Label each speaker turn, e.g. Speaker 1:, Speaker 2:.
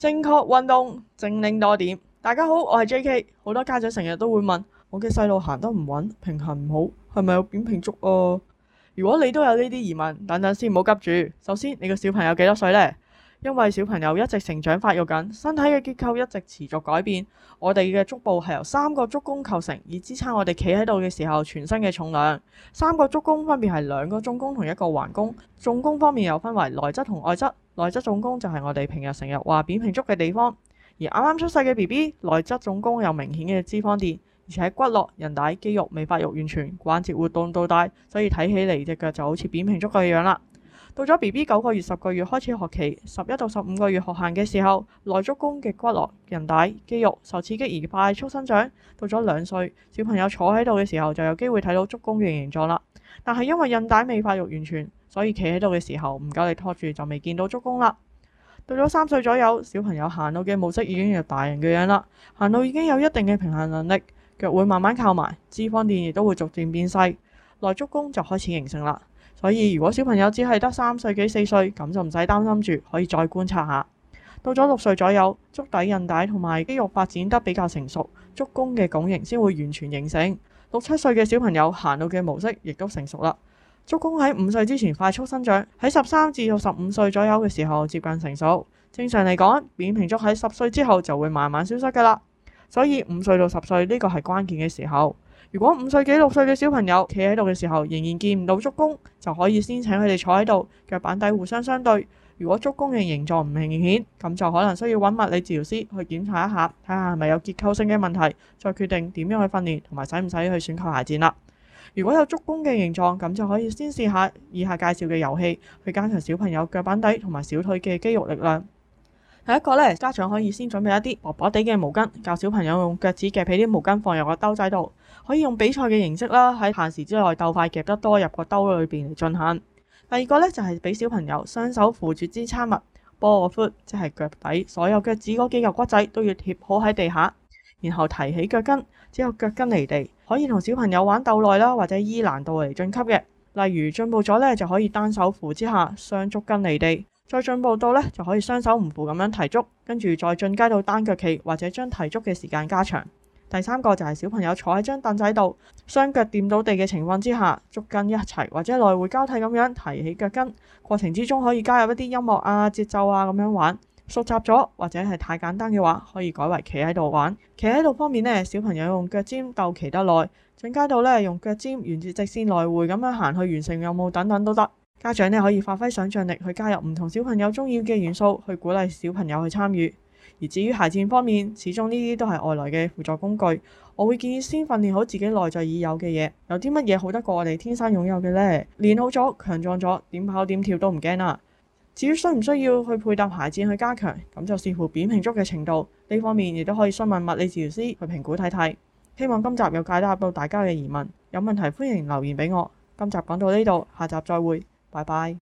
Speaker 1: 正確運動正令多點，大家好，我係 JK 好多家長成日都會問，我嘅細路行得唔穩，平衡唔好，係咪有扁平足啊？如果你都有呢啲疑問，等等先，唔好急住。首先，你個小朋友幾多歲咧？因為小朋友一直成長發育緊，身體嘅結構一直持續改變。我哋嘅足部係由三個足弓構成，以支撐我哋企喺度嘅時候全身嘅重量。三個足弓分別係兩個縱弓同一個橫弓。縱弓方面又分為內側同外側，內側縱弓就係我哋平日成日話扁平足嘅地方。而啱啱出世嘅 BB，內側縱弓有明顯嘅脂肪墊，而且骨骼、韌帶、肌肉未發育完全，關節活動度大，所以睇起嚟隻腳就好似扁平足咁樣啦。到咗 B B 九個月、十個月開始學企，十一到十五個月學行嘅時候，內足弓嘅骨骼、韌帶、肌肉受刺激而快速生長。到咗兩歲，小朋友坐喺度嘅時候就有機會睇到足弓嘅形狀啦。但係因為韌帶未發育完全，所以企喺度嘅時候唔夠力拖住就未見到足弓啦。到咗三歲左右，小朋友行路嘅模式已經係大人嘅樣啦，行路已經有一定嘅平衡能力，腳會慢慢靠埋，脂肪墊亦都會逐漸變細，內足弓就開始形成啦。所以如果小朋友只係得三歲幾四歲，咁就唔使擔心住，可以再觀察下。到咗六歲左右，足底韌帶同埋肌肉發展得比較成熟，足弓嘅拱形先會完全形成。六七歲嘅小朋友行路嘅模式亦都成熟啦。足弓喺五歲之前快速生長，喺十三至到十五歲左右嘅時候接近成熟。正常嚟講，扁平足喺十歲之後就會慢慢消失㗎喇。所以五歲到十歲呢個係關鍵嘅時候。如果五歲幾六歲嘅小朋友企喺度嘅時候仍然見唔到足弓，就可以先請佢哋坐喺度，腳板底互相相對。如果足弓嘅形狀唔明顯，咁就可能需要揾物理治療師去檢查一下，睇下係咪有結構性嘅問題，再決定點樣去訓練同埋使唔使去選購鞋墊啦。如果有足弓嘅形狀，咁就可以先試下以下介紹嘅遊戲，去加強小朋友腳板底同埋小腿嘅肌肉力量。第一個呢，家長可以先準備一啲薄薄啲嘅毛巾，教小朋友用腳趾夾起啲毛巾放入個兜仔度，可以用比賽嘅形式啦，喺限時之內鬥快夾得多入個兜裏邊嚟進行。第二個呢，就係俾小朋友雙手扶住支撐物，波個闊即係腳底，所有腳趾嗰幾嚿骨仔都要貼好喺地下，然後提起腳跟，只有腳跟離地，可以同小朋友玩鬥耐啦，或者依難度嚟進級嘅。例如進步咗呢，就可以單手扶之下雙足跟離地。再進步到呢，就可以雙手唔扶咁樣提足，跟住再進階到單腳企或者將提足嘅時間加長。第三個就係小朋友坐喺張凳仔度，雙腳掂到地嘅情況之下，足跟一齊或者來回交替咁樣提起腳跟，過程之中可以加入一啲音樂啊、節奏啊咁樣玩。熟習咗或者係太簡單嘅話，可以改為企喺度玩。企喺度方面呢，小朋友用腳尖鬥企得耐，進階到呢，用腳尖沿住直線來回咁樣行去完成任務等等都得。家長呢，可以發揮想像力去加入唔同小朋友中意嘅元素，去鼓勵小朋友去參與。而至於鞋墊方面，始終呢啲都係外來嘅輔助工具。我會建議先訓練好自己內在已有嘅嘢。有啲乜嘢好得過我哋天生擁有嘅呢？練好咗，強壯咗，點跑點跳都唔驚啦。至於需唔需要去配搭鞋墊去加強，咁就視乎扁平足嘅程度。呢方面亦都可以詢問物理治療師去評估睇睇。希望今集有解答到大家嘅疑問，有問題歡迎留言俾我。今集講到呢度，下集再會。拜拜。